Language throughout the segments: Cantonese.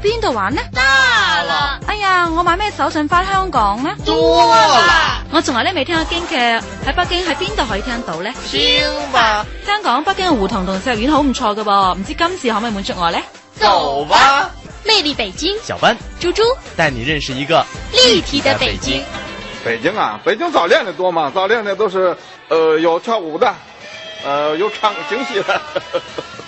邊度玩呢？得啦了！哎呀，我買咩手信翻香港呢？多啦了！我從來都未聽過京劇，喺北京喺邊度可以聽到呢？聽吧了。聽講北京嘅胡同同四合院好唔錯嘅噃，唔知今次可唔可以滿足我呢？走吧。魅力北京，小斌珠，豬豬，帶你認識一個立體的北京。北京啊，北京早練得多嘛，早練嘅都是，呃，有跳舞的，呃，有唱京戲的。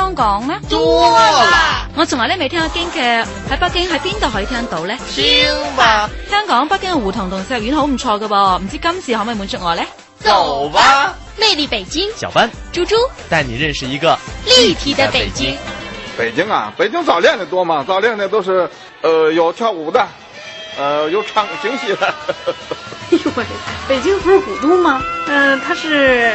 香港呢？多吧了。我從來都未聽過京劇，喺北京喺邊度可以聽到呢？聽吧。香港、北京嘅胡同同四合院好唔錯嘅噃，唔知今次可唔可以滿足我呢？走吧，魅力北京。小班，豬豬珠帶你認識一個立體的北京。北京，北京啊，北京早練的多嘛？早練的都是，呃，有跳舞的，呃，有唱京戲的。哎呦我的媽，北京不是古都嗎？嗯、呃，它是。